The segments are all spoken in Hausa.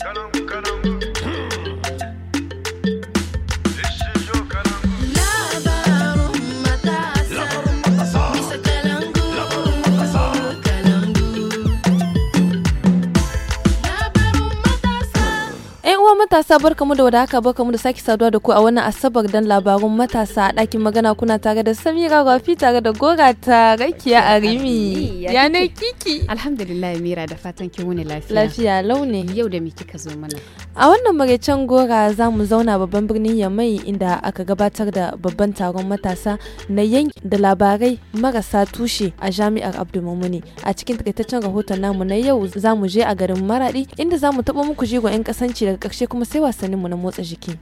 come on. matasa barkamu da wadaka barkamu da sake saduwa da ku a wannan asabar dan labarun matasa a ɗakin magana kuna tare da Samira Rafi tare da Gora ta Rakiya Arimi. Ya ne kiki? Alhamdulillah Mira da fatan kin wuni lafiya. Lafiya launi. Yau da me kika zo mana? A wannan maraicen Gora za mu zauna babban birnin Yamai inda aka gabatar da babban taron matasa na yanki da labarai marasa tushe a Jami'ar Abdulmumuni. A cikin takaitaccen rahoton namu na yau za mu je a garin Maradi inda za mu taɓa muku jigo 'yan kasanci daga ƙarshe kuma kuma sai wasanninmu na motsa jiki.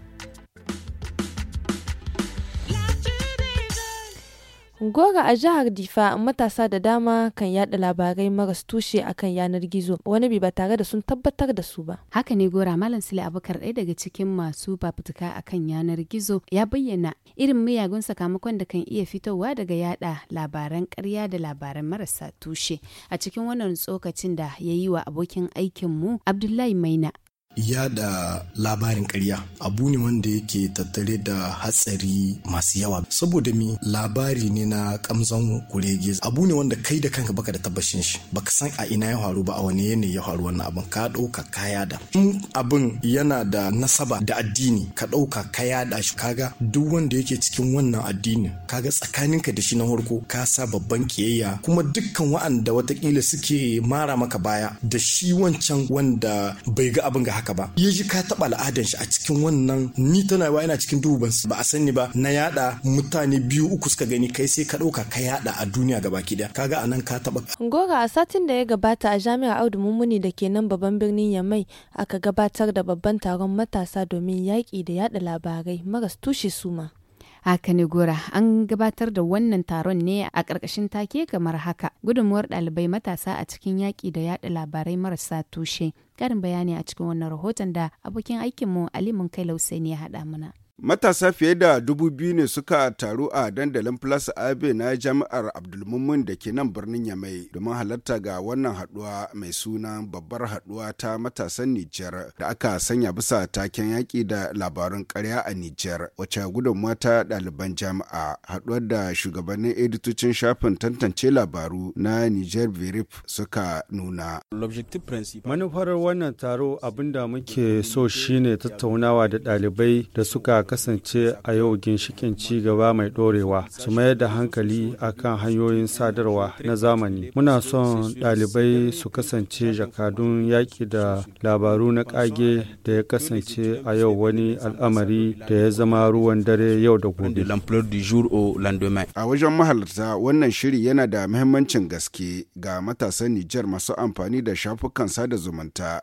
Gora a jihar Difa matasa da dama kan yada labarai maras tushe a kan yanar gizo wani bi ba tare da sun tabbatar da su ba. Haka ne Gora Malam Sile Abubakar ɗaya daga cikin masu fafutuka akan yanar gizo ya bayyana irin miyagun sakamakon da kan iya fitowa daga yada labaran karya da labaran marasa tushe a cikin wannan tsokacin da ya yi wa abokin aikinmu Abdullahi Maina yada labarin karya abu ne wanda yake tattare da hatsari masu yawa saboda mi labari ne na kamzan kurege abu ne wanda kai da kanka baka da tabbashin shi baka san a ina ya faru ba a wani yanayi ya faru wannan abin ka ɗauka kaya da in abin yana da nasaba da addini ka ɗauka kaya da shi kaga duk wanda yake cikin wannan addini kaga tsakaninka da shi na farko ka sa babban kiyayya kuma dukkan wa'anda watakila suke mara maka baya da shi wancan wanda bai ga abin ga haka haka ba ya ji ka taɓa al'adan shi a cikin wannan ni tana wa yana cikin dubu ba a sani ba na yada mutane biyu uku suka gani kai sai ka ɗauka ka yada a duniya gaba ki daya kaga anan ka taɓa. Gora a satin da ya gabata a jami'ar Audu Mummuni da ke nan babban birnin Yamai aka gabatar da babban taron matasa domin yaƙi da yada labarai maras tushe suma. haka ne gora an gabatar da wannan taron ne a ƙarƙashin take kamar haka gudunmuwar ɗalibai matasa a cikin yaƙi da yaɗa labarai marasa tushe karin bayani a cikin wannan rahoton da abokin aikinmu ali kai lausai ne ya haɗa mana Matasa fiye da dubu biyu ne suka taru a dandalin Plus Abe na jami'ar Abdulmumin da ke nan birnin Yamai domin halarta ga wannan haduwa mai suna babbar haduwa ta matasan Nijar da aka sanya bisa taken yaƙi da labarun karya a Nijar wacce gudunmata ta ɗaliban jami'a haduwar da shugabannin editocin shafin tantance labaru na Nijar Verif suka nuna. Manufar wannan taro abinda muke so shine tattaunawa da ɗalibai da suka kasance a yau ginshikin ci gaba mai ɗorewa su mayar da hankali akan hanyoyin sadarwa na zamani. Muna son ɗalibai su kasance jakadun yaƙi da labaru na ƙage da ya kasance a yau wani al'amari da ya zama ruwan dare yau da gobe. A wajen mahalarta wannan shiri yana da muhimmancin gaske ga matasan Nijar masu amfani da shafukan sada zumunta.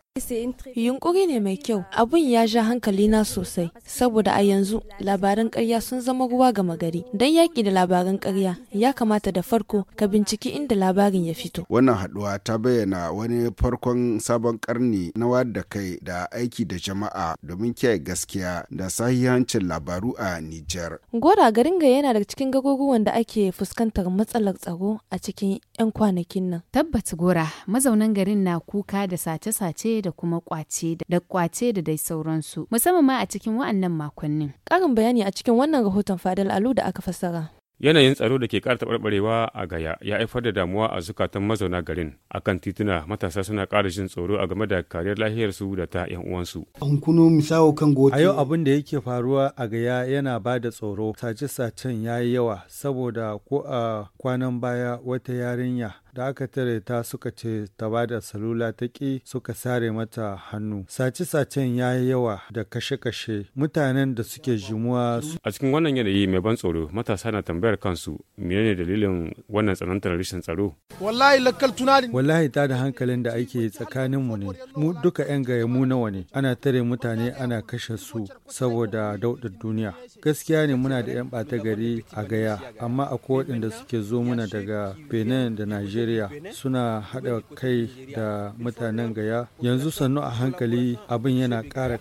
Yunkuri ne mai kyau, abun ya ja hankali na sosai, saboda a yanzu labaran karya sun zama ruwa gama gari. Don yaƙi da labaran karya ya kamata da farko ka binciki inda labarin ya fito. Wannan haɗuwa ta bayyana wani farkon sabon karni na da kai da aiki da jama'a domin kiyaye gaskiya da sahihancin labaru a Nijar. Gora garin ga yana daga cikin garuruwan da ake fuskantar matsalar tsaro a cikin 'yan kwanakin nan. Tabbas Gora, mazaunan garin na kuka da sace-sace da kuma kwace da kwace da dai sauransu, musamman ma a cikin wa'annan makonni. Ƙarin bayani a cikin wannan rahoton Fadal Alu da aka fassara. yanayin tsaro da ke ƙara taɓarɓarewa a gaya ya haifar da damuwa a zukatan mazauna garin akan tituna matasa suna ƙara jin tsoro a game da kariyar lahiyarsu da ta yan uwansu an kuno misawo kan goti a yau abin da yake faruwa a gaya yana ba da tsoro sace-sacen ya yi yawa saboda ko a kwanan baya wata yarinya da aka tare ta suka ce ta bada salula ta ƙi suka sare mata hannu sace-sacen ya yi yawa da kashe-kashe mutanen da suke jimuwa a cikin wannan yanayi mai ban tsoro matasa na tambayar kansu menene dalilin wannan tsanantar rashin tsaro wallahi lakkal tunani wallahi ta da hankalin da ake tsakanin mu ne mu duka yan gaya mu nawa ne ana tare mutane ana kashe su saboda daudar duniya gaskiya ne muna da yan ɓata gari a gaya amma akwai waɗanda suke zo muna daga benin da najeriya najeriya suna haɗa kai da mutanen gaya yanzu sannu a hankali abin yana ƙara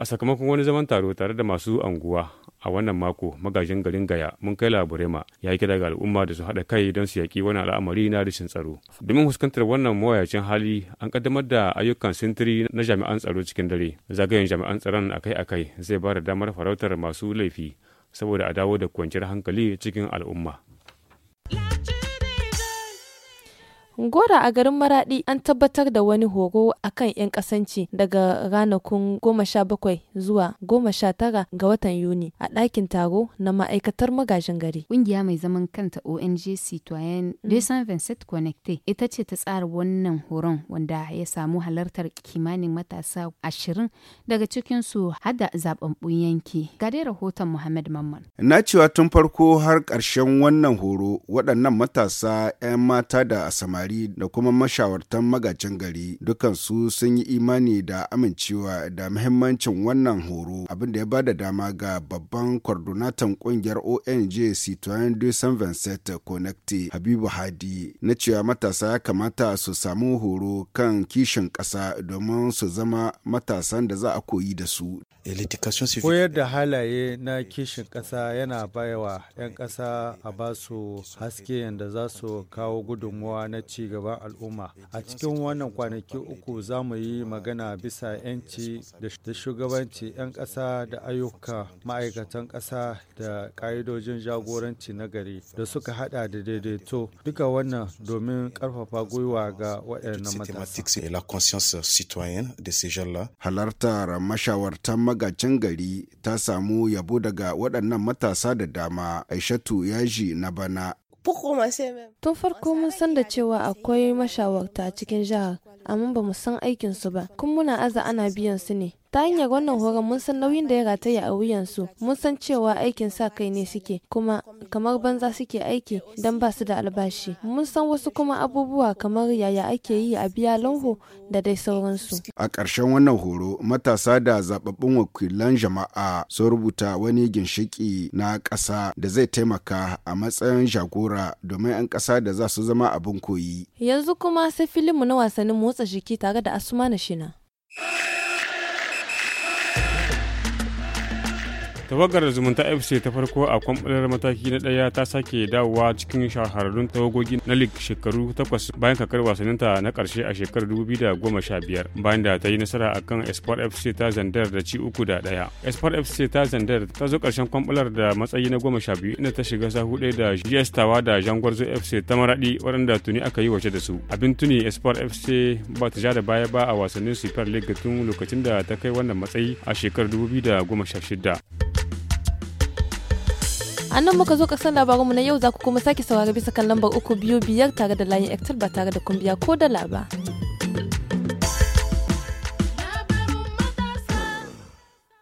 a sakamakon wani zaman taro tare da masu anguwa a wannan mako magajin garin gaya mun kai laburema ya yi kira ga al'umma da su haɗa kai don su yaƙi wani al'amari na rashin tsaro domin fuskantar wannan mawayacin hali an kaddamar da ayyukan sintiri na jami'an tsaro cikin dare zagayen jami'an tsaron akai-akai zai ba da damar farautar masu laifi saboda a dawo da kwanciyar hankali cikin al'umma Gora a garin Maradi an tabbatar da wani horo akan 'yan kasanci daga ranakun 17 zuwa 19 ga watan Yuni a dakin taro na ma'aikatar magajin gari. Ƙungiya mai zaman kanta ONG Citoyen vincent Connecte ita ce ta tsara wannan horon wanda ya samu halartar kimanin matasa ashirin daga cikinsu hada zaɓaɓɓun yanki. Ga dai rahoton Muhammad Mamman. Na cewa tun farko har karshen wannan horo waɗannan matasa 'yan mata da samari gari da kuma mashawartan magacin gari dukansu sun yi imani da amincewa da muhimmancin wannan horo abinda da ya bada dama ga babban kwardunatan kungiyar ong citoyen de saint vincent connecte habibu hadi na cewa matasa ya kamata su samu horo kan kishin ƙasa domin su zama matasan da za a koyi da su koyar da halaye na kishin ƙasa yana bayawa 'yan ƙasa a ba su haske yadda za su kawo gudunmuwa na ci ci gaban al'umma. A cikin wannan kwanaki uku za mu yi magana bisa 'yanci da shugabanci 'yan ƙasa da ayyuka ma'aikatan ƙasa da ƙa'idojin jagoranci na gari da suka hada da daidaito duka wannan domin ƙarfafa gwiwa ga waɗannan matasa. Halartar mashawartan magacin gari ta samu yabo daga waɗannan matasa da dama aishatu yaji na bana Tun farko mun san da cewa akwai mashawarta cikin jihar, amma ba mu san aikinsu ba, kun muna aza ana biyan su ne. Ta hanyar wannan horon mun san nauyin da ya rataya a wuyansu, mun san cewa aikin sa kai ne suke, kuma kamar banza suke aiki don ba su da albashi. Mun san wasu kuma abubuwa kamar yaya ake yi a biya lanho da dai sauransu. A ƙarshen wannan horo, matasa da zababbun wakilan jama'a sun rubuta wani ginshiki na ƙasa da zai taimaka a matsayin jagora domin 'yan ƙasa da za su zama abin koyi. Yanzu kuma sai filin mu na wasannin motsa jiki tare da Asuma na Shina. tawagar zumunta fc ta farko a kwamfanar mataki na daya ta sake dawowa cikin shahararrun tawagogi na lig shekaru takwas bayan kakar wasanninta na karshe a shekarar 2015 bayan da ta yi nasara akan espoir fc ta zandar da ci uku da daya espoir fc ta zandar ta zo karshen kwamfanar da matsayi na goma sha biyu inda ta shiga sahu ɗaya da gs tawa da jangwarzo fc ta maraɗi waɗanda tuni aka yi waje da su abin tuni espoir fc ba ta ja da baya ba a wasannin super league tun lokacin da ta kai wannan matsayi a shekarar 2016 a nan muka zo kasan mu na yau za ku kuma sake saurari bisa kan lambar uku biyu biyar tare da layin ectel ba tare da kumbiya ko dala ba.